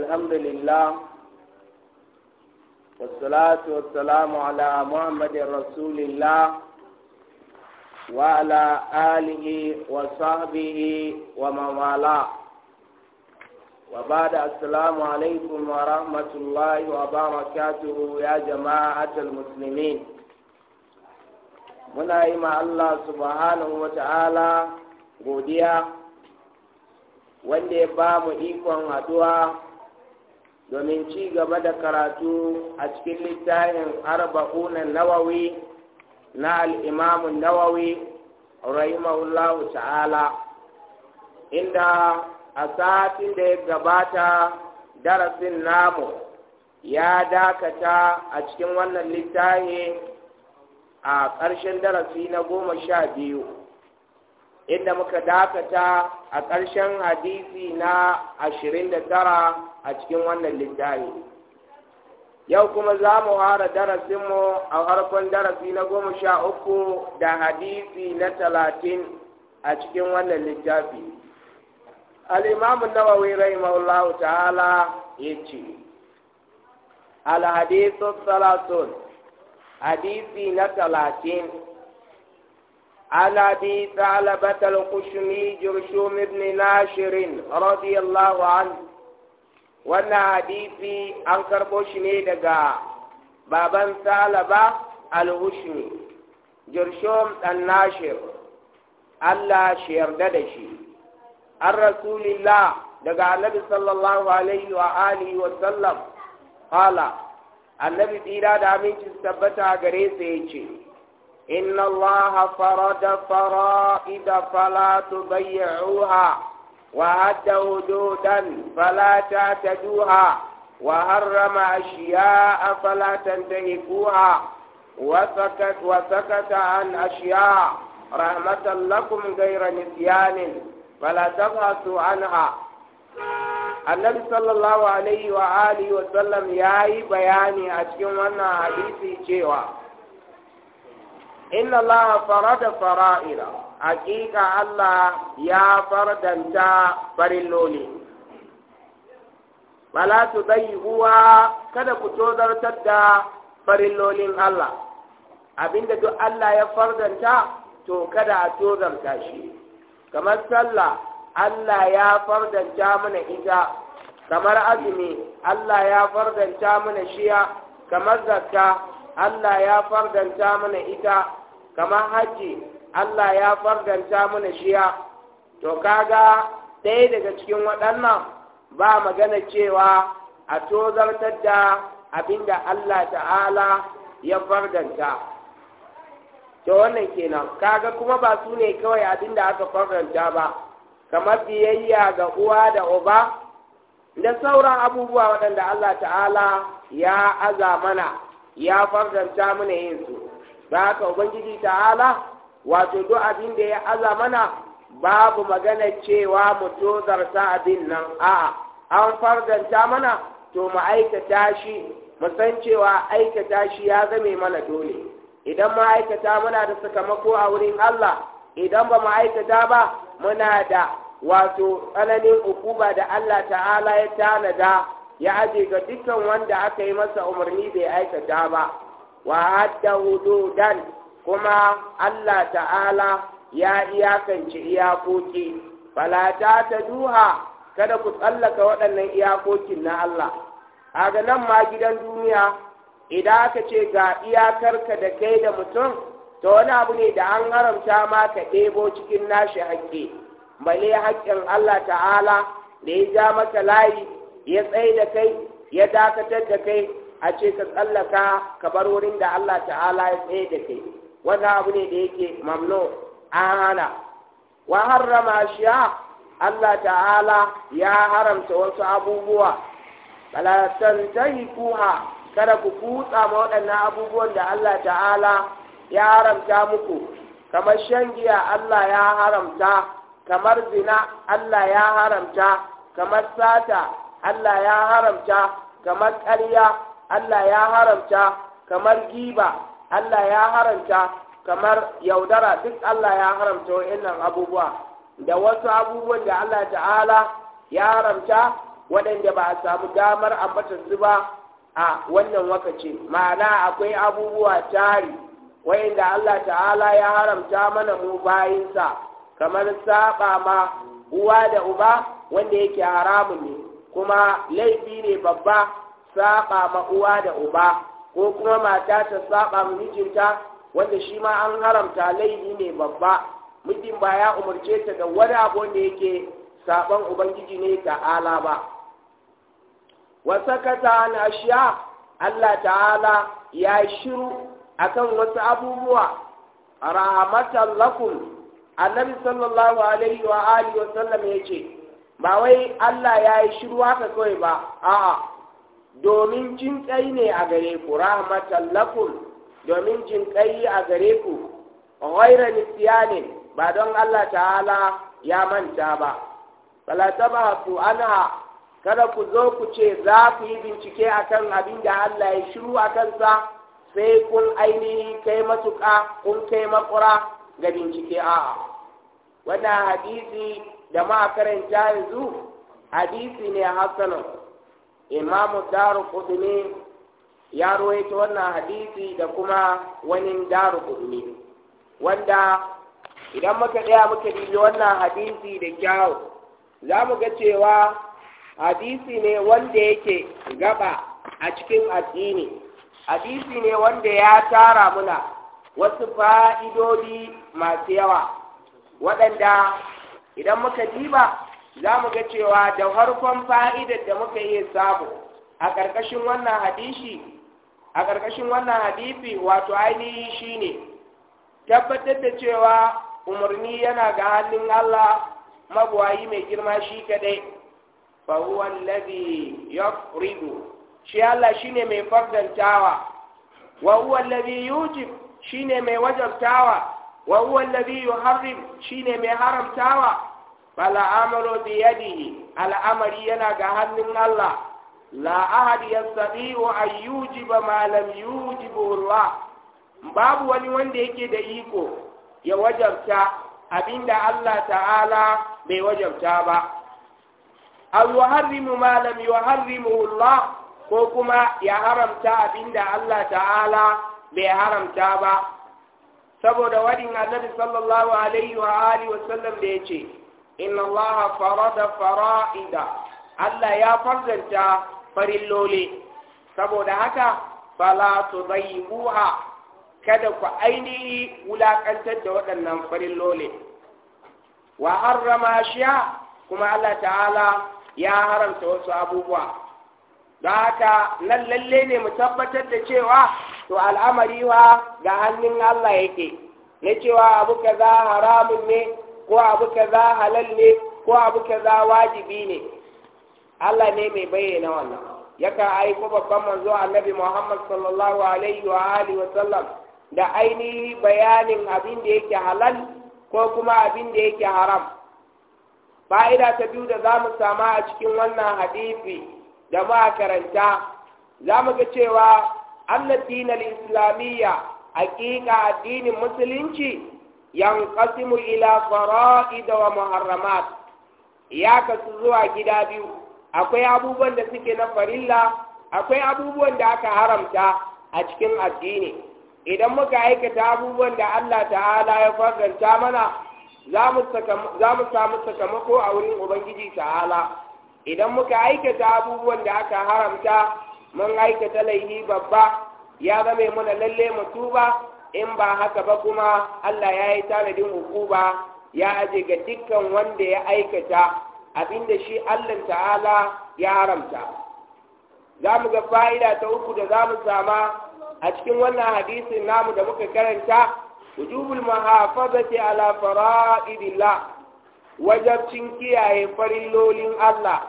الحمد لله والصلاة والسلام على محمد رسول الله وعلى آله وصحبه ومن والاه وبعد السلام عليكم ورحمة الله وبركاته يا جماعة المسلمين muna yi ma Allah subhanahu wa ta'ala godiya wanda ya ba mu ikon haɗuwa domin ci gaba da karatu a cikin littafin arba'una nawawi na al'imamu nawawi rahimahullahu ta'ala inda a satin da ya gabata darasin namu ya dakata a cikin wannan littafin a ƙarshen darasi na goma sha biyu inda muka dakata a ƙarshen hadisi na ashirin da tara a cikin wannan littafi yau kuma za mu hara darasinmu a harkon darasi na goma sha uku da hadisi na talatin a cikin wannan littafi al'imamun nawawi rahimahullahu ta'ala ya ce alhadisun salatun hadisi na talatin عن أبي ثعلبة القشمي جرشوم بن ناشر رضي الله عنه وأن حديثي أنكر بوشني دقا بابا ثعلبة القشمي جرشوم الناشر Allah shi yarda da shi an rasulillah daga annabi sallallahu alaihi wa sallam qala annabi tsira da aminci tabbata gare yace Inna Allah farada fara ida fala tu bayi ruha wa hada hudu dan fala ta duha wa harama ashiya a fala ta ta yi buha wa sakata ashiya rahmatan lakum gaira nisiyanin fala su an ha. Annabi sallallahu wa alihi wa sallam ya yi bayani a cikin wannan hadisi cewa. inna Allah farada fara'ira haƙiƙa Allah ya fardanta farilloli bala su uwa kada ku tozartar da farillolin Allah abinda duk Allah ya fardanta to kada a tozarta shi kamar sallah Allah ya fardanta mana ita kamar azumi Allah ya fardanta mana shiya kamar zakka Allah ya fardanta mana ita kama haji Allah ya farganta mana shiya to kaga ɗaya daga cikin waɗannan ba magana cewa a tozartar da abinda Allah ta'ala ya farganta to wannan kenan kaga kuma ba su ne kawai abinda aka farganta ba kamar biyayya ga uwa da uba da sauran abubuwa waɗanda Allah ta'ala ya aza mana ya farganta mana yin su da haka ubangiji ta'ala wato duk abin da ya aza mana babu magana cewa mu tozarta abin nan a'a an fardanta mana to mu aikata shi mu san cewa aikata shi ya zame mana dole idan mu aikata muna da sakamako a wurin Allah idan ba mu aikata ba muna da wato tsananin ukuba da Allah ta'ala ya tanada ya aje ga dukkan wanda aka yi masa umarni bai aikata ba wa adda hududan kuma Allah ta'ala ya iyakance iyakoki fala ta duha kada ku tsallaka waɗannan iyakokin na Allah a nan ma gidan duniya idan aka ce ga iyakarka da kai da mutum to wani abu ne da an haramta ma ka ɗebo cikin nashi haƙƙi Male haƙƙin Allah ta'ala da ya ja maka layi ya tsaye da kai ya dakatar da kai a ce ka tsallaka ka bar wurin da Allah ta'ala ya tsaye da kai wanda abu ne da yake mamno an hana wa harrama shiya Allah ta'ala ya haramta wasu abubuwa balatan yi kuha kada ku kutsa ma waɗannan abubuwan da Allah ta'ala ya haramta muku kamar shan giya Allah ya haramta kamar zina Allah ya haramta kamar sata Allah ya haramta kamar ƙarya Allah ya haramta kamar giba Allah ya haramta kamar yaudara duk Allah ya haramta wa'annan abubuwa da wasu abubuwan da Allah ta'ala ya haramta waɗanda ba a samu damar su ba a wannan wakaci ma'ana akwai abubuwa tari wa'inda Allah ta'ala ya haramta mana mu bayinsa kamar saba ma uwa da uba wanda yake haramun ne kuma laifi ne babba saba ma uwa da uba ko kuma mata ta saba mijinta wanda shi ma an haramta laifi ne babba mijin ba ya umarce ta da wani abu da yake saban ubangiji ne ta ala ba wa sakata an ashiya Allah ta'ala ya shiru akan wasu abubuwa rahmatan lakum annabi sallallahu alaihi wa alihi wa sallam yace ba wai Allah ya yi shiru haka kawai ba a'a domin jin ne a gare ku rahmatan lakum domin jin a gare ku ghayra nisyani ba don Allah ta'ala ya manta ba fala tabatu anha kada ku zo ku ce za ku yi bincike akan abin da Allah ya shiru a kansa sai kun ainihi kai matuƙa kun kai makura ga bincike a wannan hadisi da ma karanta yanzu hadisi ne hasanu imamu daru kudumi ya ruwaito wannan hadisi da kuma wani daru kudumi wanda idan muka tsaya muka dubi wannan hadisi da kyau za mu ga cewa hadisi ne wanda yake gaba a cikin addini hadisi ne wanda ya tara muna wasu fa'idodi masu yawa waɗanda idan muka diba za mu ga cewa da harkon fa'idar da muka iya samu a ƙarƙashin wannan hadishi, a ƙarƙashin wannan hadisi wato ainihi shi ne. tabbatar da cewa umarni yana ga hannun Allah magwayi mai girma shi kadai fa huwa ya rigo shi Allah ne mai fardantawa wa huwa alladhi yujib ne mai wajabtawa wa huwa alladhi yuharrim ne mai haramtawa Bala فالأمر بيده yana ga hannun Allah la أحد يستطيع أن يوجب ma lam yujibu Allah babu wani wanda yake da iko ya wajabta abinda Allah ta'ala bai wajabta ba aw yuharrimu ma lam yuharrimu Allah ko kuma ya haramta abinda Allah ta'ala bai haramta ba saboda wadin Annabi sallallahu alaihi wa alihi wa sallam da yace Inallaha Allah farada fara'ida Allah ya farzanta loli, saboda haka fala wuha. kada ku ainihi wulaƙantar da waɗannan farilloli wa harrama shiya kuma Allah ta'ala ya haramta wasu abubuwa Za haka nan lallai ne mu tabbatar da cewa to al'amari wa ga hannun Allah yake na cewa abu kaza haramun ne ko abu kaza halal ne ko abu kaza wajibi ne Allah ne mai bayyana wannan yakan aiko babban manzo annabi Muhammad sallallahu alaihi wa alihi wa sallam da ainihi bayanin abin da yake halal ko kuma abin da yake haram fa'ida ta biyu da zamu mu sama a cikin wannan hadisi da ma karanta za ga cewa annabi na islamiyya hakika addinin musulunci yanqasimu ila fara'id wa muharramat ya kasu zuwa gida biyu akwai abubuwan da suke na farilla akwai abubuwan da aka haramta a cikin addini idan muka aikata abubuwan da Allah ta'ala ya farganta mana za mu samu sakamako a wurin Ubangiji ta'ala idan muka aikata abubuwan da aka haramta mun aikata laifi babba ya zame mana lalle mu in ba haka ba kuma Allah ya yi tanadin hukuba, ya aje ga dukkan wanda ya aikata abinda shi Allah ta'ala ya haramta za mu ga fa'ida ta uku da za mu sama a cikin wannan hadisin namu da muka karanta wujubul muhafazati ala fara'idillah wajabcin kiyaye farillolin Allah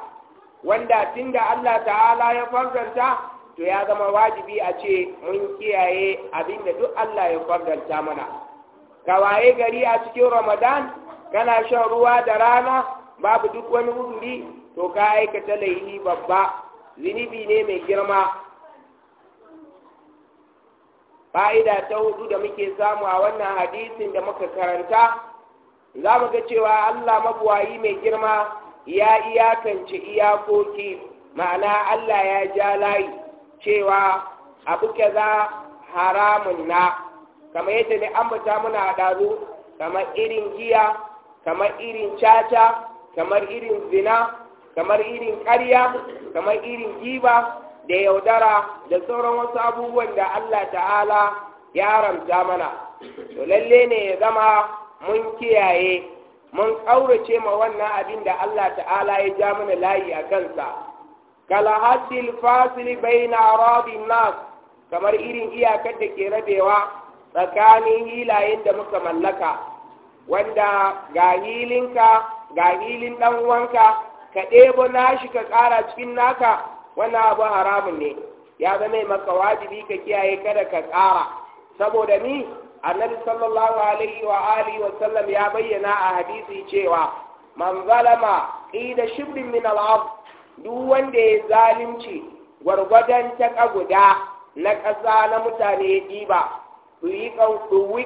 wanda da Allah ta'ala ya farzanta to ya zama wajibi a ce mun kiyaye abin da duk Allah ya fardanta mana ka waye gari a cikin ramadan kana shan ruwa da rana babu duk wani uzuri to ka aikata laifi babba zunubi ne mai girma fa'ida ta hudu da muke samu a wannan hadisin da muka karanta za mu ga cewa Allah mabuwayi mai girma ya iyakance iyakoki ma'ana Allah ya ja layi cewa abu za haramun na kamar yadda ne bata muna dazu kamar irin giya kamar irin caca kamar irin zina kamar irin karya, kamar irin giba da yaudara da sauran wasu abubuwan da Allah ta'ala ya haramta mana to lalle ne ya zama mun kiyaye mun ƙaurace ma wannan abin da Allah ta'ala ya ja mana layi a kansa kalahadil alfasili bayna aradin nas kamar irin iyakar da ke rabewa tsakanin hilayen da muka mallaka wanda ga hilinka ga hilin dan uwanka ka ɗebo nashi ka ƙara cikin naka wannan abu haramun ne ya zama maka wajibi ka kiyaye kada ka ƙara saboda ni annabi sallallahu alaihi wa alihi wa sallam ya bayyana a hadisi cewa man zalama qida shibrin min al duk wanda ya zalunci gwargwadon ta guda na ƙasa na mutane ya ɗiba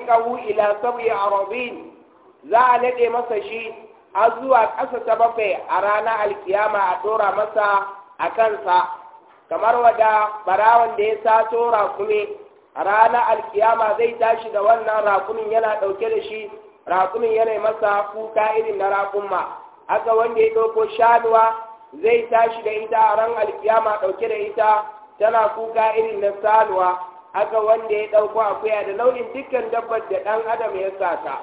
ƙawu ila sauyi arabin za a naɗe masa shi a zuwa ƙasa ta bakwai a ranar alkiyama a ɗora masa a kansa kamar wada barawan da ya sato rakumi ranar alƙiyama zai tashi da wannan rakumin yana ɗauke da shi rakumin yana masa kuka irin na rakumma haka wanda ya ɗauko shanuwa zai tashi da ita a ran alkiyama ɗauke da ita tana kuka irin na sanuwa haka wanda ya ɗauko akuya da launin dukkan dabbar da ɗan adam ya sata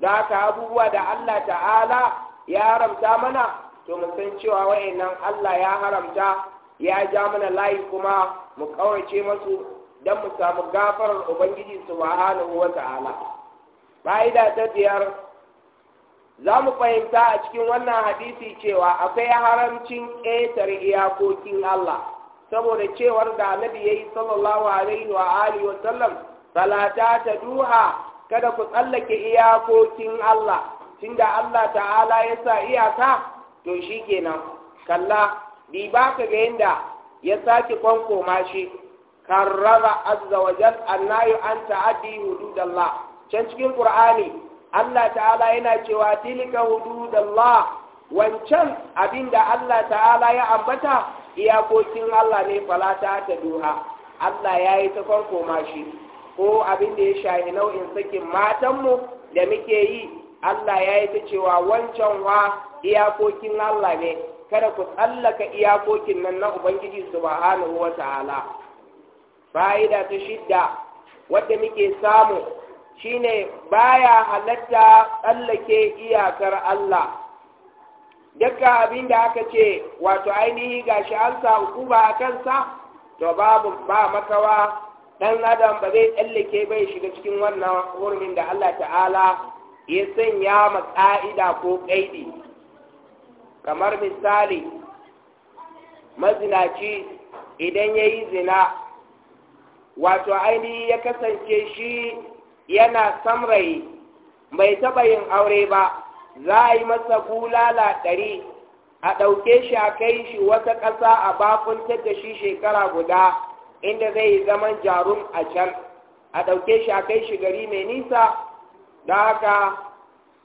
da haka abubuwa da Allah ta'ala ya haramta mana to mu san cewa wa'annan Allah ya haramta ya ja mana layi kuma mu ƙaurace masu don mu samu gafarar Ubangiji subhanahu wa ta'ala. Fa'ida ta biyar za mu fahimta a cikin wannan hadisi cewa akwai haramcin ƙetar iyakokin Allah saboda cewar da annabi ya yi sallallahu alaihi wa alihi wa sallam salata ta duha kada ku tsallake iyakokin Allah tunda Allah ta'ala ya sa iyaka to shi kenan kalla bi ba ka ga yadda ya sake kwankoma shi karrara azza wa jal annayu an ta'addi hududallah can cikin qur'ani Allah ta'ala yana cewa tilka hududallah wancan abinda Allah ta'ala ya ambata iyakokin Allah ne falata ta duha Allah ya yi ta farko mashi ko abinda ya shahi nau'in sakin matanmu da muke yi Allah ya yi ta cewa wancan wa iyakokin Allah ne kada ku tsallaka iyakokin nan na Ubangiji subhanahu wa ta'ala fa'ida ta shidda wadda muke samu shine baya halatta tsallake iyakar Allah dukka abin da aka ce wato ainihi ga shi an sa hukuma a kansa to babu ba makawa dan adam ba zai tsallake bai shiga cikin wannan hurumin da Allah ta'ala ya sanya ma ka'ida ko kaidi kamar misali mazinaci idan ya yi zina wato ainihi ya kasance shi yana samrayi bai taɓa yin aure ba za a yi masa bulala ɗari a ɗauke shi a kai shi wata ƙasa a bakuntar da shi shekara guda inda zai yi zaman jarum a can a ɗauke shi a kai shi gari mai nisa da haka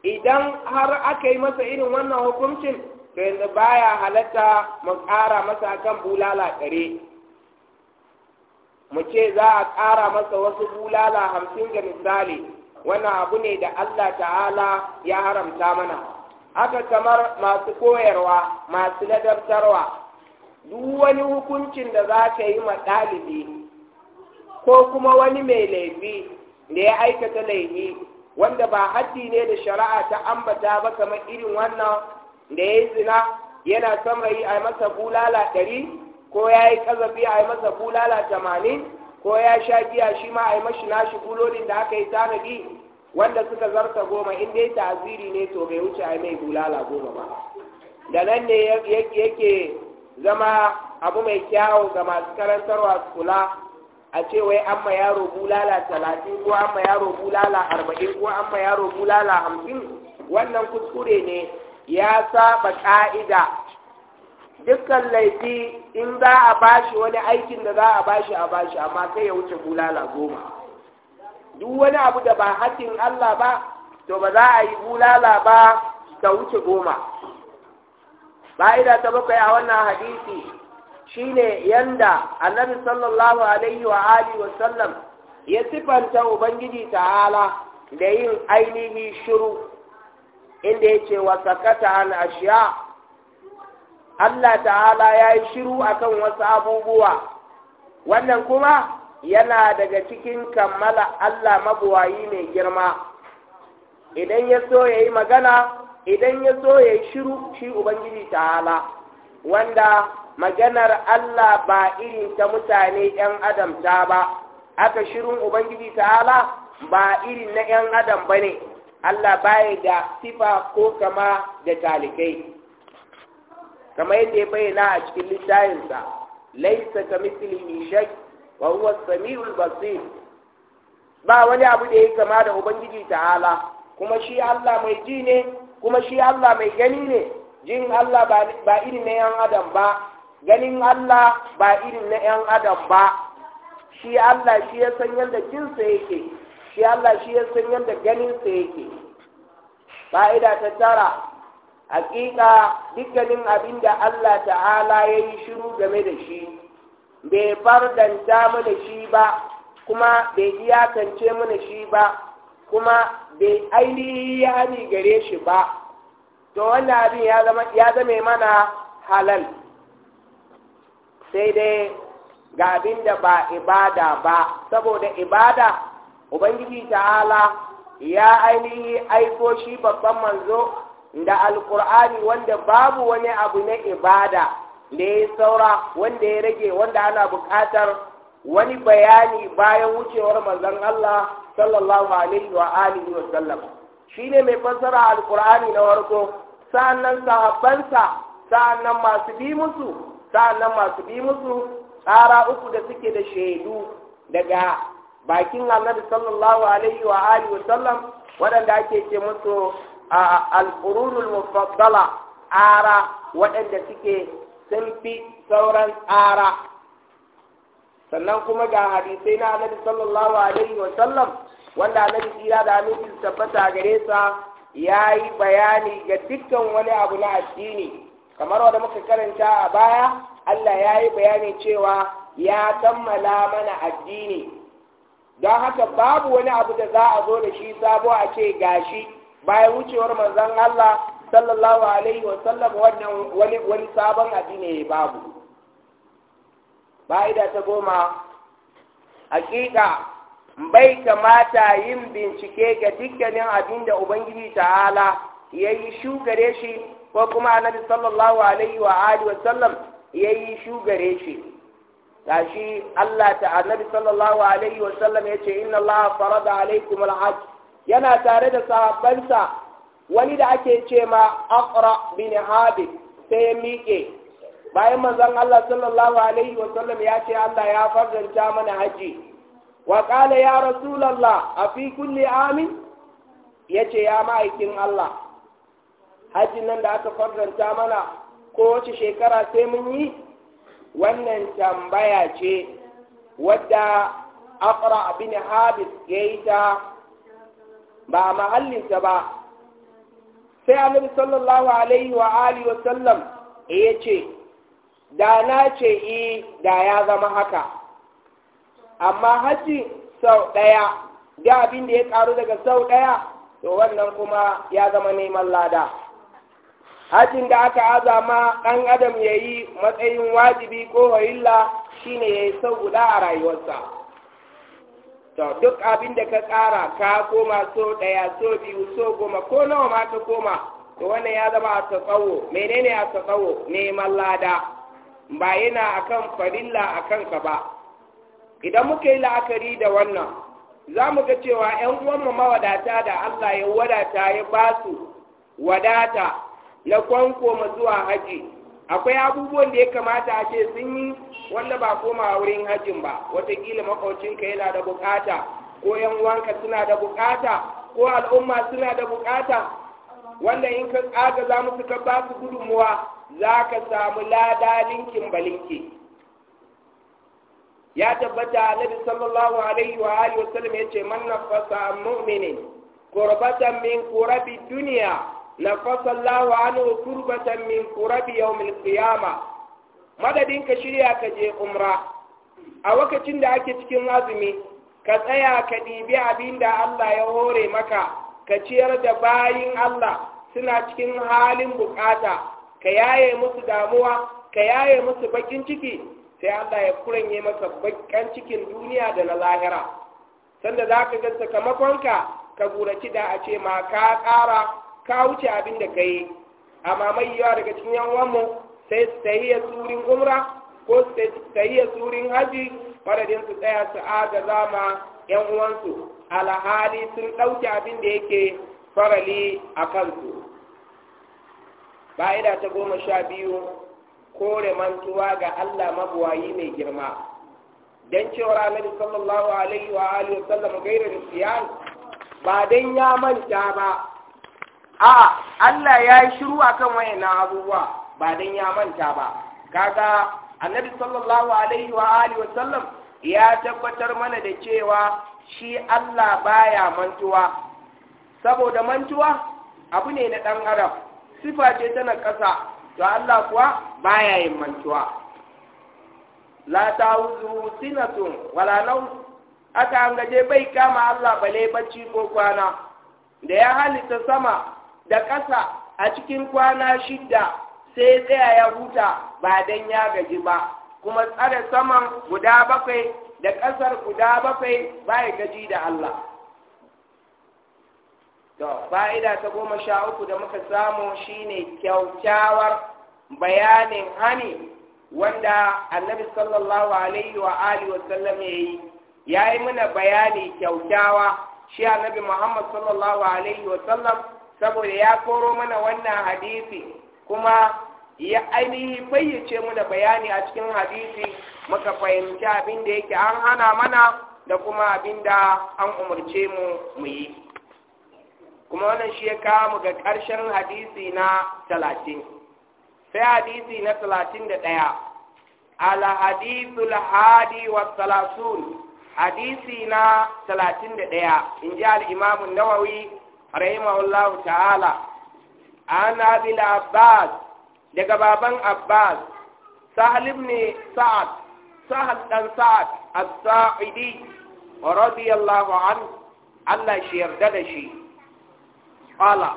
idan har aka yi masa irin wannan hukuncin to yanzu baya halatta mu ƙara masa kan bulala ɗari mu ce za a ƙara masa wasu bulala hamsin ga misali wannan abu ne da Allah ta'ala ya haramta mana haka kamar masu koyarwa masu ladabtarwa duk wani hukuncin da za ka yi ma ɗalibi ko kuma wani mai laifi da ya aikata laifi wanda ba haddi ne da shari'a ta ambata ba kamar irin wannan da ya zina yana son yi a masa bulala ɗari ko ya yi kazafi a yi masa bulala tamanin ko ya sha giya shi ma a yi mashi nashi bulolin da aka yi tanadi wanda suka zarta goma in dai ta'aziri ne to bai wuce a mai bulala goma ba da nan ne yake zama abu mai kyawo ga masu karantarwa kula a ce wai an ma yaro bulala talatin ko an ma yaro bulala arba'in ko an ma yaro bulala hamsin wannan kuskure ne ya saba ka'ida dukkan laifi in za a bashi wani aikin da za a bashi a bashi amma kai ya wuce bulala goma duk wani abu da ba hakkin Allah ba to ba za a yi bulala ba ta wuce goma ba'ida ta bakwai a wannan hadisi shine yanda annabi sallallahu alaihi wa ali wa sallam ya sifanta ubangiji ta'ala da yin ainihi shiru inda ya ce wa sakata an ashiya Allah ta'ala ya yi shiru kan wasu abubuwa wannan kuma yana daga cikin kammala Allah mabuwayi mai girma idan ya so ya yi magana idan ya so ya yi shiru shi Ubangiji ta'ala wanda maganar Allah ba irin ta mutane ‘yan adam ta ba aka shirin Ubangiji ta'ala ba irin na ‘yan adam ba ne Allah baya da sifa ko kama da talikai. kamar yadda ya bayyana a cikin littayinsa laisa ka mislihi shay wa huwa as-sami'ul basir ba wani abu da yake kama da ubangiji ta'ala kuma shi Allah mai ji ne kuma shi Allah mai gani ne jin Allah ba irin na yan adam ba ganin Allah ba irin na yan adam ba shi Allah shi ya san yadda jinsa yake shi Allah shi ya san yadda ganinsa yake fa'ida ta tara hakika dukkanin abin da Allah ta'ala ya yi shiru game da shi bai bar danta mana shi ba kuma bai iyakance mana shi ba kuma bai ainihi ya gare shi ba to wannan abin ya zama mana halal sai dai ga abin da ba ibada ba saboda ibada ubangiji ta'ala ya ainihi aiko shi babban manzo da alkur'ani wanda babu wani abu na ibada da ya saura wanda ya rage wanda ana buƙatar wani bayani bayan wucewar manzon Allah sallallahu alaihi wa alihi wa sallam shine mai fassara alkur'ani na warko sa'annan sahabbansa sa'annan masu bi musu sa'annan masu bi musu tsara uku da suke da shaidu daga bakin annabi sallallahu alaihi wa alihi wa sallam waɗanda ake ce musu al-qurunul mufaddala ara waɗanda suke sun fi sauran ara sannan kuma ga hadisai na annabi sallallahu alaihi wa sallam wanda annabi tsira da aminci tabbata gare sa ya yi bayani ga dukkan wani abu na addini kamar wanda muka karanta a baya Allah ya yi bayani cewa ya kammala mana addini don haka babu wani abu da za a zo da shi sabo a ce gashi bayan wucewar manzan Allah sallallahu alaihi wa sallam wannan wani wani sabon ne babu da ta goma hakika bai kamata yin bincike ga dukkanin abin da ubangiji ta'ala ya yi shugare shi ko kuma annabi sallallahu alaihi wa wa sallam ya yi shugare shi gashi Allah ta annabi sallallahu alaihi wa sallam ya ce inna Allah farada alaikum al-hajj yana tare da sahabbansa wani da ake ce ma akra bin habib sai ya miƙe bayan manzon Allah sallallahu alaihi wa sallam ya ce Allah ya farzanta mana haji wa qala ya rasulullah a fi kulli amin yace ya ma'aikin Allah hajjin nan da aka farzanta mana ko kowace shekara sai mun yi wannan tambaya ce wadda aqra bin habib yayi ta ba a mahallinsa ba sai annabi sallallahu alaihi wa ali wa ya ce da na ce i eh, da ya zama haka amma haji sau ɗaya ga abin da ya ƙaru daga sau ɗaya to wannan kuma ya zama neman lada hajjin da aka azama ɗan adam ya yi matsayin wajibi ko shi shine ya yi sau guda a rayuwarsa to duk abin da ka tsara ka koma so ɗaya so biyu so goma ko nawa ma ka koma to wannan ya zama a tsawo menene a tsawo neman lada ba yana akan farilla akan ka ba idan muka yi la'akari da wannan za mu ga cewa 'yan uwanmu mawadata da Allah ya wadata ya ba su wadata na kwanko zuwa haji akwai abubuwan da ya kamata a ce sun yi wanda ba koma wurin hajjin ba watakila makaucinka yana da bukata ko yan wanka suna da bukata ko al'umma suna da bukata wanda in ka tsaga za mu suka ba su gudunmuwa za ka samu lada linkin balinki ya tabbata annabi sallallahu alaihi wa alihi wasallam yace man nafasa mu'minin qurbatan min qurabi dunya lafasa Allahu anhu kurbatan min kurabi madadin ka shirya ka je umra a lokacin da ake cikin azumi ka tsaya ka ɗibi abin da Allah ya hore maka ka ciyar da bayin Allah suna cikin halin bukata ka yaye musu damuwa ka yaye musu bakin ciki sai Allah ya kuranye masa bakin cikin duniya da na lahira sanda za ka ga sakamakonka ka guraci da a ce ma ka ƙara ka wuce abin da ka yi amma mai yawa daga cikin yan mu sai su tahiya surin umra ko su tahiya surin haji madadin su tsaya su agaza zama yan uwansu alhali sun ɗauki abin da yake farali a kansu ba'ida ta goma sha biyu kore mantuwa ga Allah mabuwayi mai girma Don cewa annabi sallallahu alaihi wa alihi wa sallam gairar siyan ba don ya manta ba a'a Allah ya yi shiru akan na abubuwa ba don ya manta ba kaga annabi sallallahu alaihi wa alihi wa ya tabbatar mana da cewa shi Allah baya mantuwa saboda mantuwa abu ne na ɗan adam sifa ce tana ƙasa to Allah kuwa baya yin mantuwa la ta'uzu sinatun wala naw aka gaje bai kama Allah bale bacci ko kwana da ya halitta sama da ƙasa a cikin kwana shida sai tsaya ya huta ba don ya gaji ba kuma tsare saman guda bakwai da ƙasar guda bakwai ba ya gaji da Allah fa'ida ta goma sha uku da muka samu ne kyaukyawar bayanin hani wanda annabi sallallahu alaihi wa alihi wa sallam ya yi mana bayani kyaukyawa shi annabi Muhammad sallallahu alaihi wa sallam saboda ya koro mana wannan hadisi kuma ya ainihin bayyace mu da bayani a cikin hadisi muka fahimci abin da yake an hana mana da kuma abin da an umarce mu mu yi kuma wannan shi ya kawo mu ga ƙarshen hadisi na talatin sai hadisi na talatin da ɗaya alhadisul hadi wa salasun hadisi na talatin da ɗaya in ji al'imamun nawawi rahimahullahu ta'ala an abil abbas daga baban abbas sahal ibn sa'ad sahal dan sa'ad as-sa'idi radiyallahu an Allah shi yarda da shi qala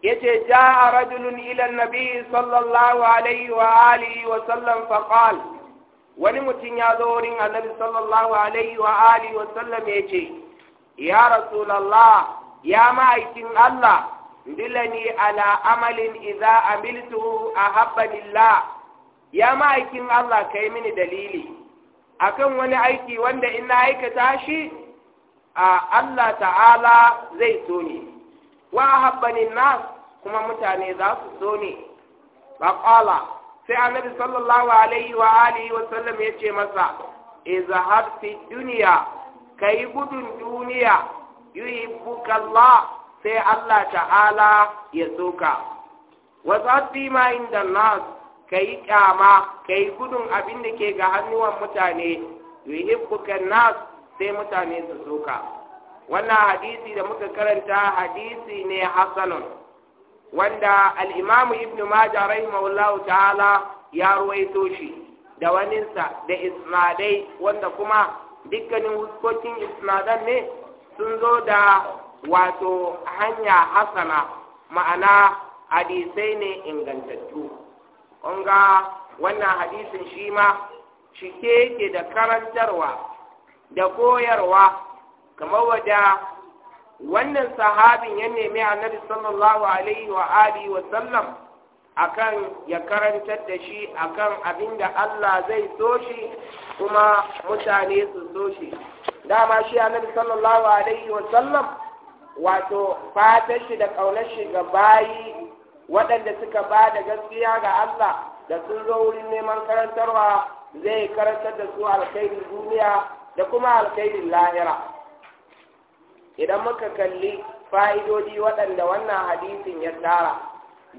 yace jaa rajulun ila an-nabi sallallahu alaihi wa alihi wa sallam fa qala wani mutum ya zo wurin annabi sallallahu yace ya rasulullah ya ma'aikin Allah dilani ala amalin idza amiltuhu ahabbanillah ya ma'aikin Allah kai mini dalili akan wani aiki wanda in na aikata shi a Allah ta'ala zai so ni. wa ahabbanin nas kuma mutane za su so ni? faqala sai annabi sallallahu alaihi wa alihi wa sallam yace masa idza fi dunya kai gudun duniya yuhibbuka Allah sai Allah ta'ala ya soka wa zati ma inda nas kai kama kai gudun abin da ke ga hannuwan mutane yuhibbuka nas sai mutane su soka wannan hadisi da muka karanta hadisi ne hasanun wanda al-imam ibn majah rahimahullahu ta'ala ya ruwaito shi da waninsa da isnadai wanda kuma dukkanin huskokin isnadan ne sun zo da wato hanya hasana ma'ana hadisai ne ingantattu ƙunga wannan hadisin shi ma cike ke da karantarwa da koyarwa kamar wadda wannan sahabin ya nemi annabi sallallahu alaihi wa alihi wa sallam akan ya karantar da shi akan da Allah zai so shi kuma mutane su so shi dama shi annabi sallallahu alaihi wa sallam wato fatan shi da kaunar shi ga bayi waɗanda suka ba da gaskiya ga Allah da sun zo wurin neman karantarwa zai karantar da su alkhairin duniya da kuma alkhairin lahira idan muka kalli fa'idodi waɗanda wannan hadisin ya tara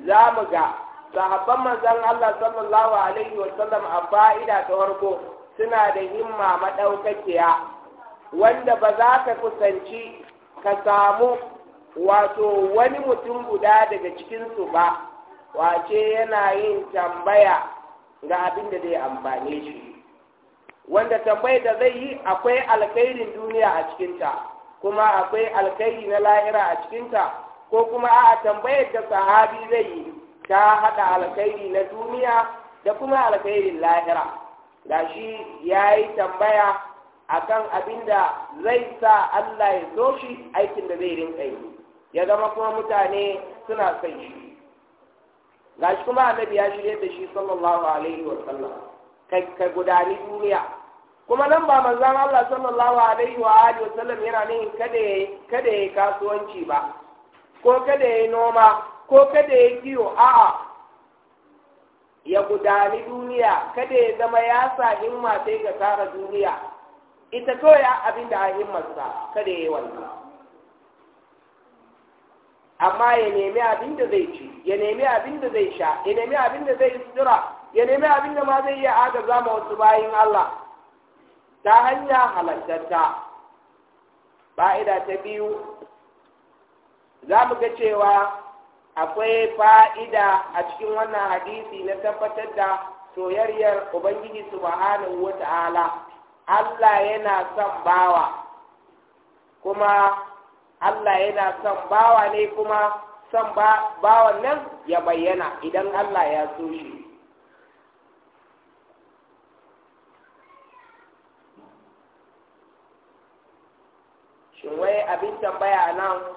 za mu ga sahabban manzon Allah sallallahu alaihi wa sallam a fa'ida ta farko suna da himma madaukakiya wanda ba za ka kusanci ka samu wato wani mutum guda daga cikinsu ba wace yana yin tambaya ga abin da zai amfane shi wanda tambayar da zai yi akwai alkhairin duniya a cikinta kuma akwai alkhairi na lahira a cikinta ko kuma a tambayar da sahabi zai yi ta haɗa alkhairi na duniya da kuma alkhairin lahira da shi ya yi tambaya akan abinda zai sa Allah ya so shi aikin da zai rinka yi ya zama kuma mutane suna son shi gashi kuma annabi ya shirye da shi sallallahu alaihi wa sallam kai ka gudani duniya kuma nan ba manzon Allah sallallahu alaihi wa alihi wa sallam yana ne kada ya kada ya kasuwanci ba ko kada ya noma ko kada ya kiyo a'a ya gudani duniya kada ya zama ya sa himma sai ga tara duniya ita ya abin da a himmarsa kada ya yi wannan amma ya nemi abin da zai ci ya nemi abin da zai sha ya nemi abin da zai sutura ya nemi abin da ma zai iya agaza zama wasu bayin Allah ta hanya halartarta fa'ida ta biyu za mu ga cewa akwai fa'ida a cikin wannan hadisi na tabbatar da soyayyar Ubangiji subhanahu wata'ala Allah yana son bawa kuma Allah yana son bawa ne kuma son bawan nan ya bayyana idan Allah ya so shi shin wai abin tambaya nan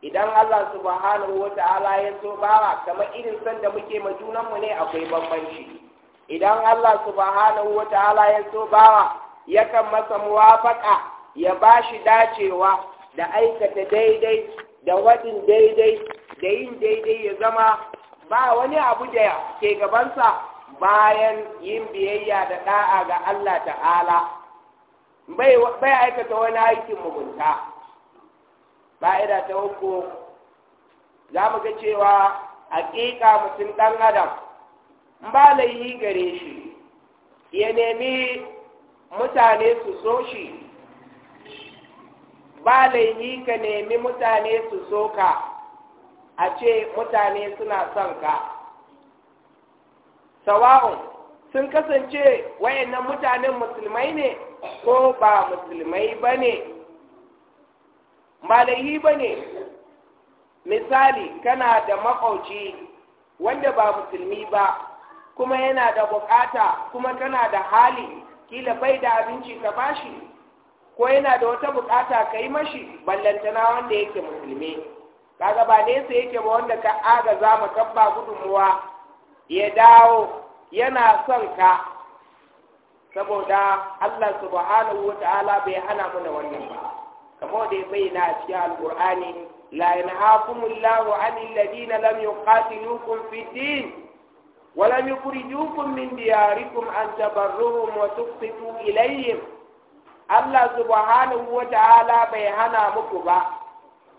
idan Allah subhanahu wa ta'ala ya so bawa kamar irin sanda muke ma junanmu ne akwai bambanci idan Allah subhanahu ta’ala ya so bawa yakan masa muwafaka ya ba shi dacewa da aikata daidai da wadin daidai da yin daidai ya zama ba wani abu da ke gabansa bayan yin biyayya da da'a ga Allah ta'ala bai aikata wani aikin mugunta ba'ida ta uku za mu ga cewa hakika mutum ɗan adam ba laihi gare shi ya nemi mutane su so shi ba laihi ka nemi mutane su so ka a ce mutane suna son ka sawa'un sun kasance wayannan mutanen musulmai ne ko ba musulmai ba ne ba laihi ba ne misali kana da makauci wanda ba musulmi ba kuma yana da bukata kuma kana da hali kila bai da abinci ka bashi ko yana da wata bukata ka yi mashi ballantana wanda yake musulmi kaga ba nesa yake ba wanda ka za mu kabba gudunmuwa ya dawo yana son ka saboda Allah subhanahu wa ta'ala bai hana mu da wannan ba kamar da ya bayyana a cikin alkur'ani la yanhaqumullahu 'anil ladina lam yuqatilukum fid din ولم يخرجوكم من دياركم أن تبروهم وتقسطوا إليهم Allah subhanahu wa ta'ala bai hana muku ba,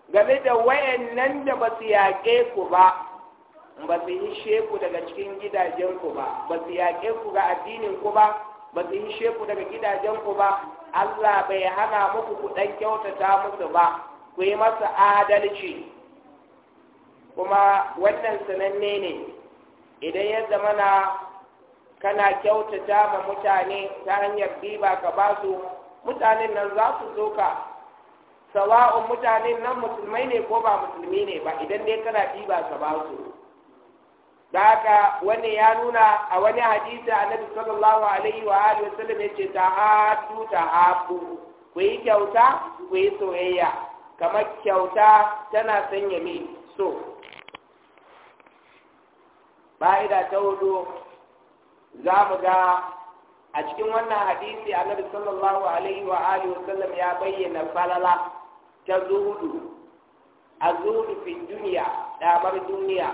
game da wayannan da ba su yaƙe ku ba, ba su hishe daga cikin gidajen ku ba, ba su yaƙe ku ga addinin ku ba, ba su hishe daga gidajen ku ba, Allah bai hana muku ku ɗan kyautata musu ba, ku yi masa adalci. Kuma wannan sananne ne, idan ya zamana kana kyautata ma mutane ta hanyar ɗiba ka ba su mutanen nan za su zo ka sawa'un mutanen nan musulmai ne ko ba musulmi ne ba idan dai kana riba ka ba su da haka wani ya nuna a wani hadisi annabi sallallahu alaihi wa alihi wa sallam yace ta ta'abu ku yi kyauta ku yi soyayya kamar kyauta tana sanya mi so fa'ida ta hudu za mu ga a cikin wannan hadisi annabi sallallahu alaihi wa alihi sallam ya bayyana falala ta zuhudu a zuhudu fi duniya damar duniya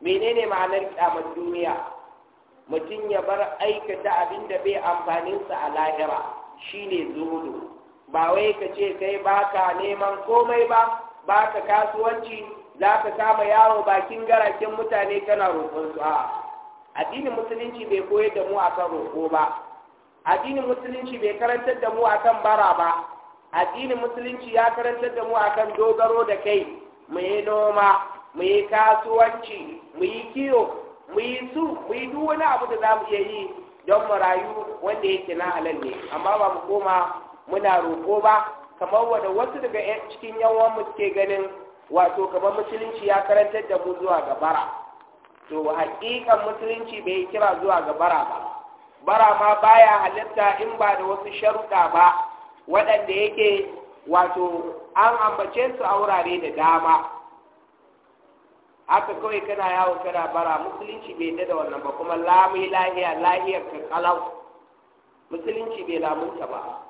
menene ma'anar damar duniya mutum ya bar aikata abin da bai amfaninsa a lahira shine zuhudu ba wai ka ce kai baka neman komai ba baka kasuwanci za ka kama yawo bakin garaken mutane kana roƙon a addinin musulunci bai koyar da mu akan roƙo ba addinin musulunci bai karantar da mu akan bara ba addinin musulunci ya karantar da mu akan dogaro da kai mu yi noma mu yi kasuwanci mu yi kiyo mu yi su mu yi duk wani abu da za mu iya yi don mu rayu wanda yake na halal ne amma ba mu koma muna roƙo ba kamar wanda wasu daga cikin yawan mu suke ganin wato kamar musulunci ya karantar da mu zuwa ga bara to hakikan musulunci bai kira zuwa ga bara ba bara ma baya halitta in ba da wasu sharuɗa ba waɗanda yake wato an ambace su a wurare da dama haka kawai kana yawo kana bara musulunci bai dada da wannan ba kuma lamai lahiya lahiyar ka kalau musulunci bai lamunta ba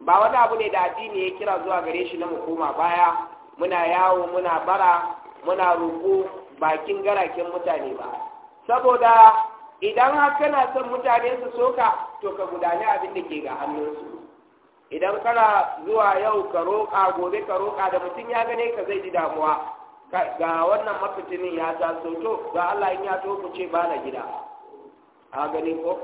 ba wani abu ne da addini ya kira zuwa gare shi na hukuma baya muna yawo muna bara muna roƙo bakin garaken mutane ba saboda idan har kana son mutane su soka to ka gudane abin da ke ga hannunsu idan kana zuwa yau ka roƙa gobe ka roƙa da mutum ya gane ka zai ji damuwa ga wannan mafitinin ya ta to ga Allah in ya to ku ce ba na gida a gani ko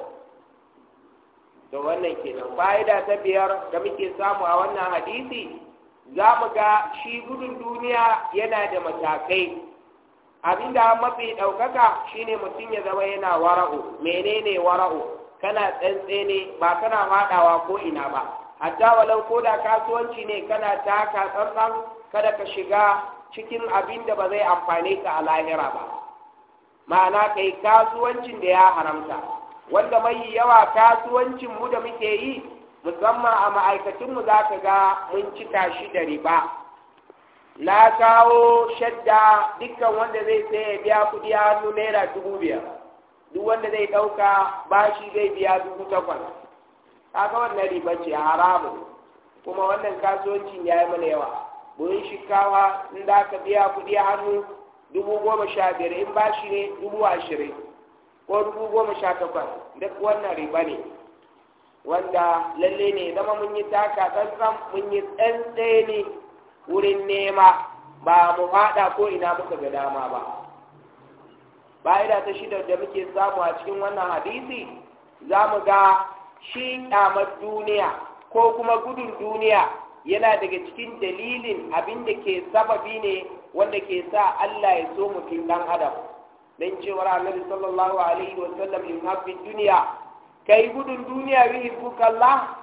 to wannan kenan fa'ida ta biyar da muke samu a wannan hadisi za mu ga shi gudun duniya yana da matakai abinda mafi ɗaukaka shine mutum ya zama yana wara'u menene wara'u kana ne, ba kana faɗawa ko ina ba hatta walau ko da kasuwanci ne kana taka tsantsan kada ka shiga cikin abin da ba zai amfane ka a lahira ba ma'ana kai kasuwancin da ya haramta wanda mai yawa kasuwancin mu da muke yi musamman a ma'aikacinmu za ka ga mun cika shi da riba na kawo shadda dukkan wanda zai sai biya kuɗi a hannu naira dubu biyar duk wanda zai ɗauka bashi zai biya dubu takwas kaga wannan riba ce haramun kuma wannan kasuwancin ya yi mana yawa buhun shikawa in za ka biya kuɗi a hannu dubu goma sha biyar in bashi ne dubu ashirin ko dubu goma sha takwas duk wannan riba ne wanda lalle ne zama mun yi taka tsantsan mun yi tsantsaye wurin nema ba mu haɗa ko ina muka ga dama ba ba'ida ta shida da muke samu a cikin wannan hadisi za mu ga shi ƙyamar duniya ko kuma gudun duniya yana daga cikin dalilin abin da ke sababi ne wanda ke sa Allah ya so mutum ɗan adam don cewar annabi sallallahu alaihi wa sallam duniya kai gudun duniya yuhibbuka Allah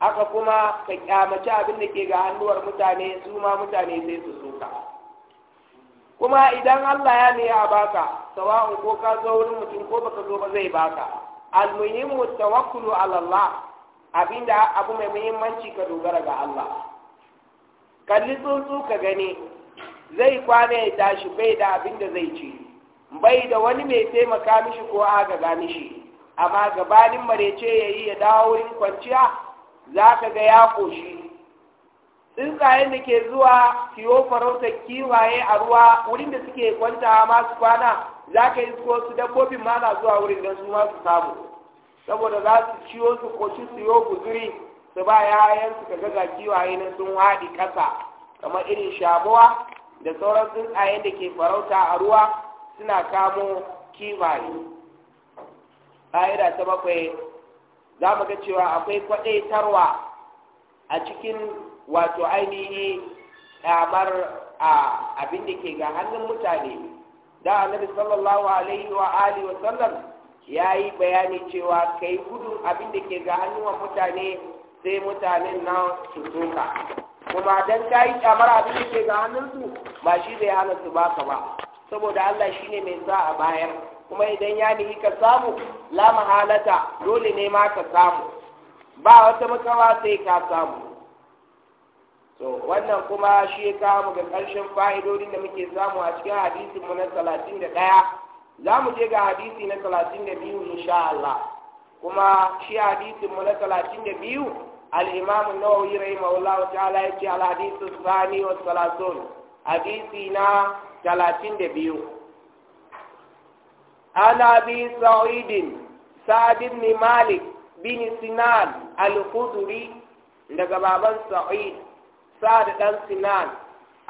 aka kuma ka kyamaci abin da ke ga hannuwar mutane su ma mutane sai su soka kuma idan Allah ya ne ya baka sawa'un ko ka zo wurin mutum ko baka zo ba zai baka almuhimu tawakkulu ala Allah abinda abu mai muhimmanci ka dogara ga Allah kalli tsuntsu ka gani zai kwana ya tashi bai da abin zai ci bai da wani mai taimaka mishi ko agaga mishi amma gabanin marece ya yi ya dawo wurin kwanciya za ka ga ya koshi tsuntsayen da ke zuwa siyo farautar kiwaye a ruwa wurin da suke kwanta masu kwana za ka yi su dabbobin ma na zuwa wurin don su masu samu saboda za su ciwo su koshi siyo guzuri su ba yayan su ka gaga kiwaye na sun haɗi ƙasa kamar irin shabuwa da sauran tsuntsayen da ke farauta a ruwa suna kamo kiwaye ƙa'ida ta bakwai za mu ga cewa akwai kwaɗaitarwa a cikin wato ainihi ɗamar a abin da ke ga hannun mutane da annabi sallallahu alaihi wa ali wa sallam ya yi bayani cewa kai gudun abin da ke ga hannun mutane sai mutanen nan su kuma dan ka yi ƙyamar abin da ke ga hannunsu ba shi zai hana su baka ba saboda Allah shine mai sa a bayar kuma idan ya nihi ka samu la mahalata dole ne ma ka samu ba wata makawa sai ka samu to wannan kuma shi ya kawo mu ga ƙarshen fa'idodin da muke samu a cikin hadisin na talatin da ɗaya za mu je ga hadisi na talatin da biyu insha Allah kuma shi hadisin mu na talatin da biyu الإمام النووي رحمه الله تعالى Sani wa الثاني والثلاثون حديثنا da biyu. عن أبي سعيد سعد بن مالك بن سنان الخدري لك بابا سعيد سعد بن سنان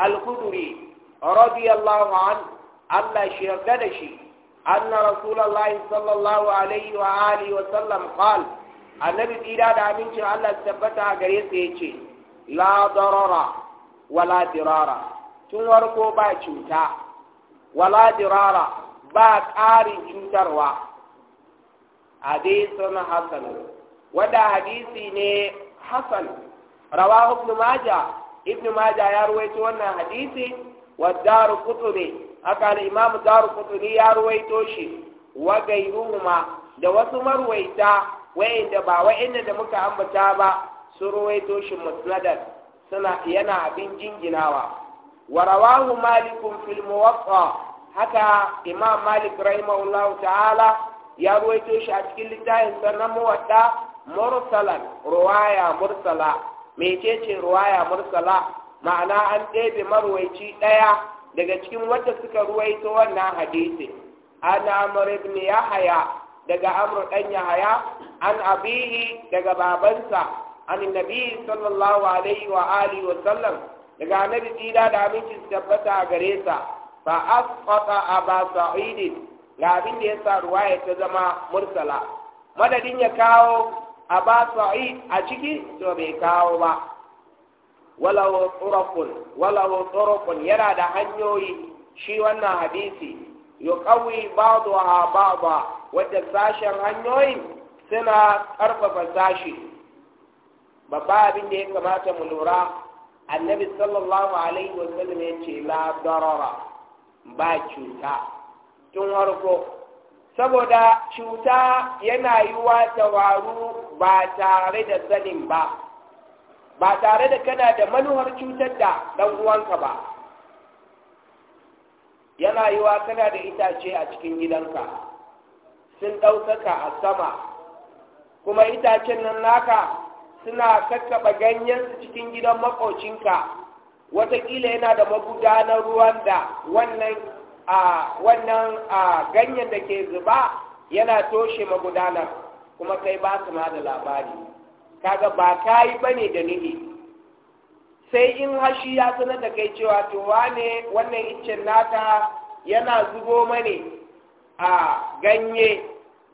الخدري رضي الله عنه الله شيردشي أن رسول الله صلى الله عليه وآله وسلم قال النبي إلى دامين شاء الله سبتها قريس يجي لا ضرر ولا درارة تنوركو باي ولا درارة ba ƙarin cutarwa hadisun hasan wadda hadisi ne hasan rawahu ibn maja ibn maja ya ruwaito wannan hadisi wa daru kutuni haka al-imam daru ne ya ruwaito shi wa gairuhuma da wasu marwaita wa'inda ba wa'inda da muka ambata ba su ruwaito shi musnadar suna yana abin jinginawa wa rawahu malikun fil muwatta haka imam malik rahimahullahu ta'ala ya ruwaito shi a cikin littafin na muwadda mursalan ruwaya mursala mecece ruwaya mursala ma'ana an ɗebe marwaici ɗaya daga cikin wanda suka ruwaito wannan hadisi an amr ibn yahya daga amr dan yahya an abihi daga babansa an nabi sallallahu alaihi wa alihi wa sallam daga annabi tsira da aminci tabbata a gare sa fa asqata aba sa'id ga abin da yasa ya ta zama mursala madadin ya kawo aba sa'id a ciki to bai kawo ba walaw turqun yana da hanyoyi shi wannan hadisi yuqawi ba ba, wadda sashen hanyoyin suna ƙarfafa sashi babba abin da ya kamata mu lura annabi sallallahu alaihi wasallam ya ce la darara ba cuta tun harko saboda cuta yana yi wa waru ba tare da sanin ba ba tare da kana da manuwar cutar da ɗan uwanka ba yana yi wa kana da itace a cikin gidanka sun ɗaukaka a sama kuma itacen nan naka suna kakkaɓa ganyen cikin gidan maƙocinka watakila yana da magudanar ruwan da wannan a ganyen da ke zuba yana toshe magudanar kuma kai ba su ma da labari kaga ba ta yi ba ne da nihi sai in hashi ya sanar da kai cewa to wane wannan iccen nata yana zubo mane a ganye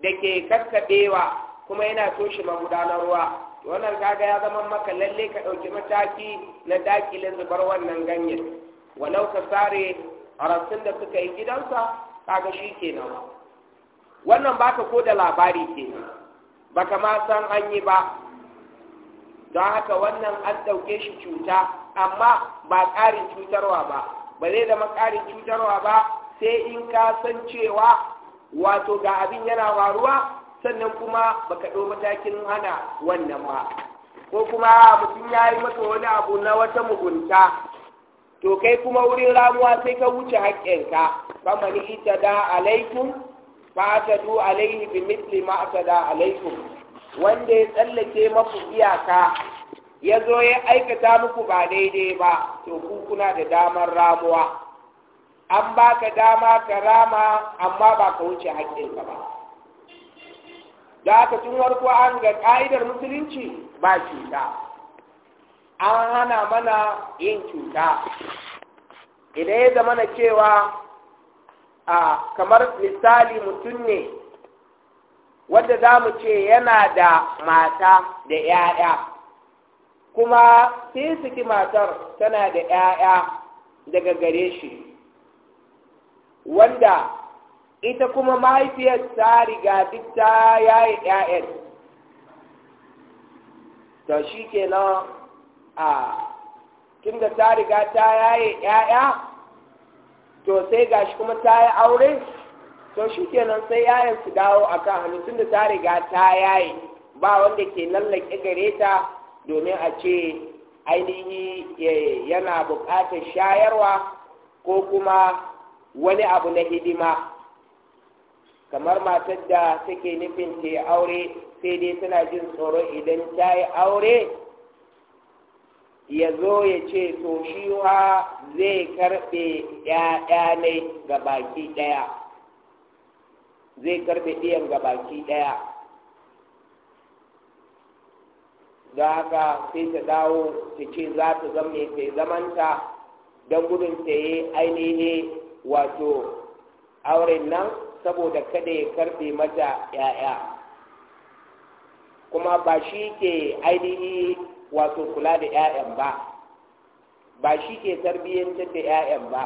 da ke kaskadewa kuma yana toshe magudanar ruwa wannan kaga ya zama maka lalle ka ɗauki mataki na dakilin zubar wannan ganyen walau ka sare harassun da suka yi gidansa kaga shi kenan wannan baka ko da labari kenan baka ma san an yi ba don haka wannan an ɗauke shi cuta amma ba ƙarin cutarwa ba ba zai zama ƙarin cutarwa ba sai in ka san cewa wato ga abin yana faruwa sannan kuma baka ɗau matakin hana wannan ba ko kuma mutum ya yi masa wani abu na wata mugunta to kai kuma wurin ramuwa sai ka wuce haƙƙinka ba ni ita da alaikum ba ta du alaihi bi mitli ma ta da alaikum wanda ya tsallake maku iyaka ya zo ya aikata muku ba daidai ba to ku kuna da damar ramuwa an baka dama ka rama amma ba ka wuce haƙƙinka ba da aka tun warko an ga ƙa'idar musulunci ba cuta an hana mana yin cuta idan ya zama na cewa a kamar misali mutum ne wanda za mu ce yana da mata da 'ya'ya kuma sai matar tana da 'ya'ya daga gare shi wanda ita kuma mahaifiyar ta riga duk ta yaye ‘ya'yan to shi a ta riga ta yaye ‘ya'ya to sai gashi kuma ta yi aure to shi kenan sai ‘ya'yan su dawo akan hannu tunda da ta riga ta yaye ba wanda ke lallake gare ta domin a ce ainihi yana buƙatar shayarwa ko kuma wani abu na hidima kamar matar da take nufin ta aure sai dai tana jin tsoro idan ta yi aure ya zo ya ce to shi ha zai karɓe ‘ya'ya ne ga baki ɗaya zai karɓe ɗiyan ga baki ɗaya da haka sai ta dawo ta ce za ta zama ta zamanta don gudun ta yi ainihi wato auren nan saboda kada ya karbe mata ‘ya'ya kuma ba shi ke ainihi wato kula da ‘ya'yan ba ba shi ke tarbiyyantar da ‘ya'yan ba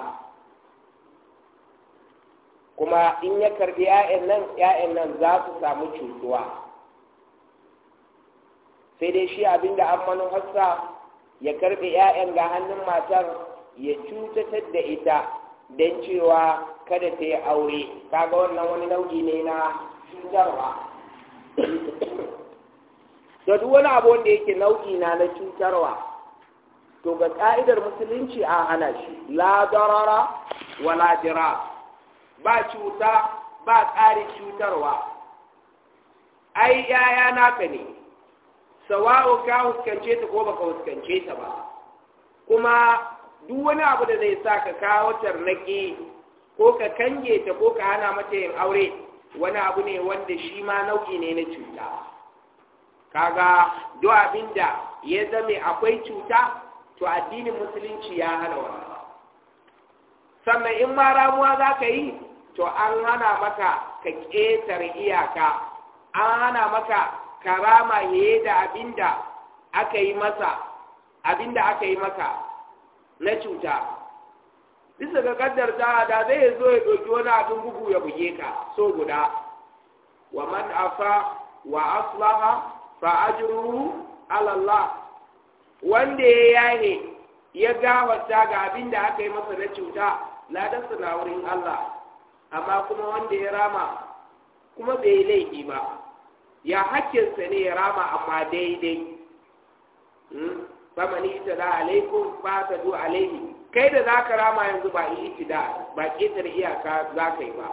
kuma in ya karbi ‘ya'yan nan ‘ya'yan nan za su samu cutuwa sai dai shi abinda an manufarsa ya karɓe ‘ya'yan ga hannun matar ya cutatar da ita don cewa kada ta yi aure kaga wannan wani nau'i ne na cutarwa da duk wani abu wanda yake nau'i na na cutarwa to ga ka'idar musulunci a hana shi la darara la dira ba cuta ba tsarin cutarwa ai yaya naka ne sawa'u ka huskance ta ko baka huskance ta ba kuma duk wani abu da zai sa ka kawo tarnaƙi ko ka kange ta ko ka hana mata yin aure wani abu ne wanda shi ma nau'i ne na cuta kaga duk abin da ya zame akwai cuta to addinin musulunci ya hana wannan sannan in ma ramuwa za ka yi to an hana maka ka ƙetar iyaka an hana maka karama yi da da aka yi masa abinda aka yi maka na cuta bisa ga kaddar ta da zai zo ya ɗauki wani abin bugu ya buge ka so guda wa man afa wa aslaha fa ajruhu ala wanda ya yaye ya gawata ga abin da aka yi masa na cuta ladarsa na wurin Allah amma kuma wanda ya rama kuma bai laifi ba ya hakkinsa ne ya rama amma daidai hmm? famani itala alaikum fa tadu alaihi kai da ka rama yanzu ba yi da ba kitar iyaka ka yi ba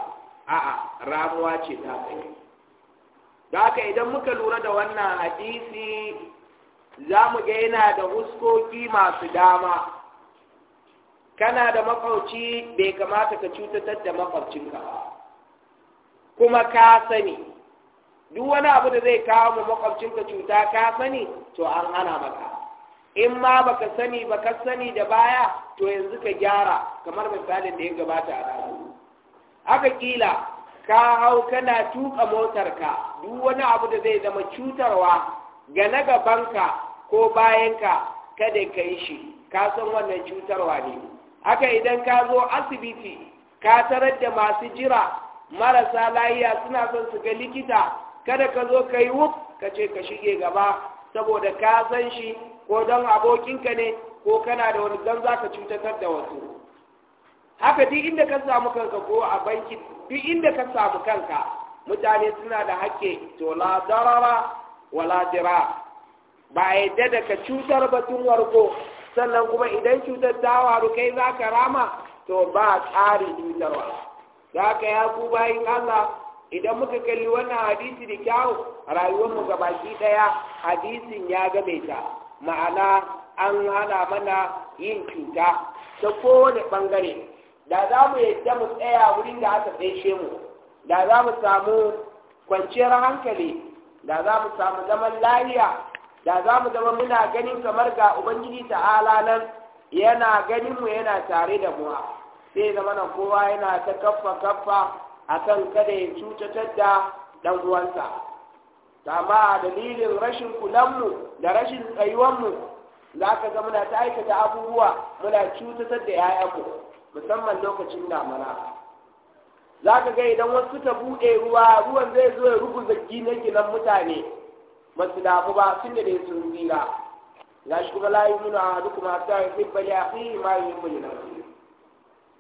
a'a ramuwa ce ka yi ka idan muka lura da wannan hadisi za mu ga yana da huskoki masu dama kana da makwauci bai kamata ka cutatar da makwabcinka ba kuma ka sani duk wani abu da zai kawo ma makwabcinka cuta ka sani to an hana maka in ma ba ka sani ba ka sani da baya to yanzu ka gyara kamar misalin da ya gabata a ɗazu haka kila ka hau kana tuka motarka duk wani abu da zai zama cutarwa ga na gabanka ko bayan ka, kada ka yi shi ka san wannan cutarwa ne haka idan ka zo asibiti ka tarar da masu jira marasa layiya suna son su ga likita kada ka zo ka yi wuf ka ce ka shige gaba saboda ka san shi ko don abokinka ne ko kana da wani don za ka cutar da wasu haka duk inda ka samu kanka ko a banki duk inda ka samu kanka mutane suna da hakke to la darara wa la dira ba yadda da ka cutar batun warko sannan kuma idan cutar ta waru kai za ka rama to ba tsari cutarwa za ka ya ku bayin Allah idan muka kalli wannan hadisi da kyawu rayuwarmu gabaki ɗaya hadisin ya game ta ma'ana an hana mana yin cuta ta kowane ɓangare da za mu yadda mu tsaya wurin da aka tsaishe mu da za mu samu kwanciyar hankali da za mu samu zaman layiya. da za mu zama muna ganin kamar ga ubangiji ta'ala nan yana ganin mu yana tare da muwa, sai zama nan kowa yana ta kaffa kaffa akan kada ya cutatar da ɗan uwansa amma a dalilin rashin kulanmu da rashin tsayuwanmu za ka ga muna ta aikata abubuwa muna cutatar da 'ya'yanmu musamman lokacin damana za ka ga idan wasu ta buɗe ruwa ruwan zai zo ya ruguza na ginan mutane ba su damu ba sun da sun zira ga shi kuma layi nuna a duk masu yawon hibbali a fi ma yi hibbali na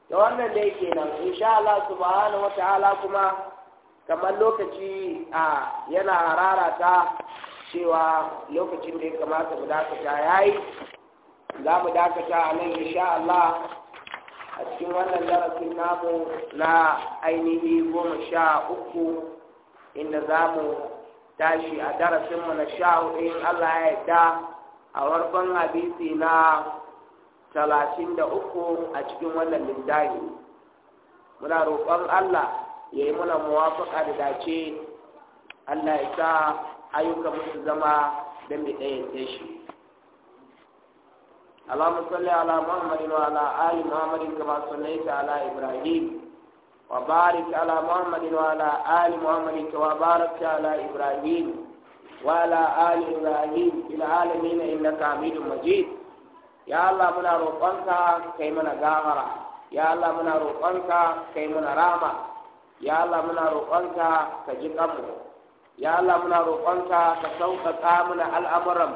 da wannan da yake nan insha Allah subhanahu wa ta'ala kuma kamar lokaci a yana hararata cewa lokacin da ya kamata mu dakata ya yi za mu dakata a nan insha Allah a cikin wannan darasin namu na ainihi goma sha uku inda za mu tashi a darasinmu na sha hudu in Allah ya yarda a warkon hadisi na talatin da uku a cikin wannan lindayi muna roƙon Allah ya yi muna muwafaka da dace Allah ya sa ayyuka musu zama da mai ɗaya ta shi. Allah musalli ala Muhammad wa ala Ali Muhammad kama sunnai ta ala Ibrahim wa barik ala Muhammad wa ala Ali Muhammad kama barik ta ala Ibrahim wa ala Ali Ibrahim ila alamin innaka Hamidu Majid ya Allah muna roƙonka kai mana gahara. ya Allah muna roƙonka kai mana rama. ya Allah muna roƙonka ka ji ƙamu ya Allah muna roƙonka ka sauƙaƙa muna al'amuran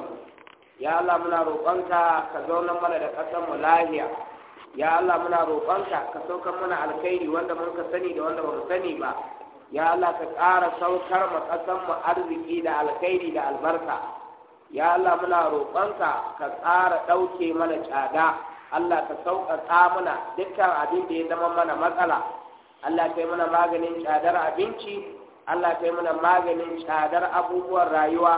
ya Allah muna roƙonka ka zauna mana da mu lahiya ya Allah muna roƙonka ka saukar mana alkhairi wanda mun ka sani da wanda bamu sani ba ya Allah ka ƙara saukar mu arziki da alkhairi da albarka ya Allah muna roƙonka ka ƙara ɗauke mana tsada Allah ka sauƙaƙa mana dukkan abin da ya zama mana matsala Allah kai mana maganin tsadar abinci Allah kai mana maganin tsadar abubuwan rayuwa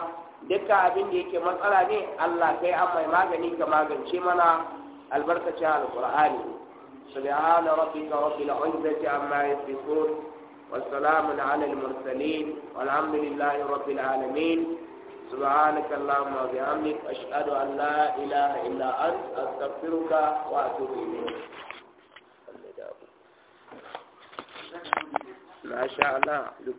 Dukka abin da yake matsala ne Allah kai an mai magani ka magance mana albarkacin alkur'ani سبحان ربك رب العزة عما يصفون والسلام على المرسلين والحمد لله رب العالمين سبحانك اللهم وبحمدك أشهد أن لا إله إلا أنت أستغفرك وأتوب إليك ما شاء الله